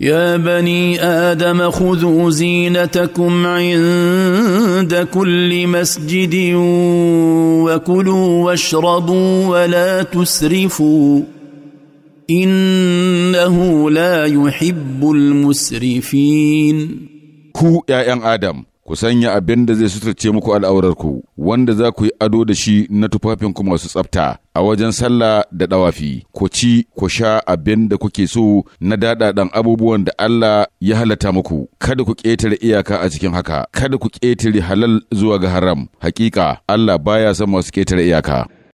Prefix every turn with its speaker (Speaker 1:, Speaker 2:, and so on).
Speaker 1: يا بني ادم خذوا زينتكم عند كل مسجد وكلوا واشربوا ولا تسرفوا انه لا يحب
Speaker 2: المسرفين ku ’ya'yan Adam, ku sanya abin da zai suturce muku al'aurarku, wanda za ku yi ado da shi na tufafinku masu tsafta a wajen sallah da ɗawafi, ku ci, ku sha abin da kuke so na daɗaɗan abubuwan da Allah ya halatta muku, kada ku ƙetare iyaka a cikin haka, kada ku ƙetare halal zuwa ga haram, hakika Allah baya son masu ƙetare iyaka.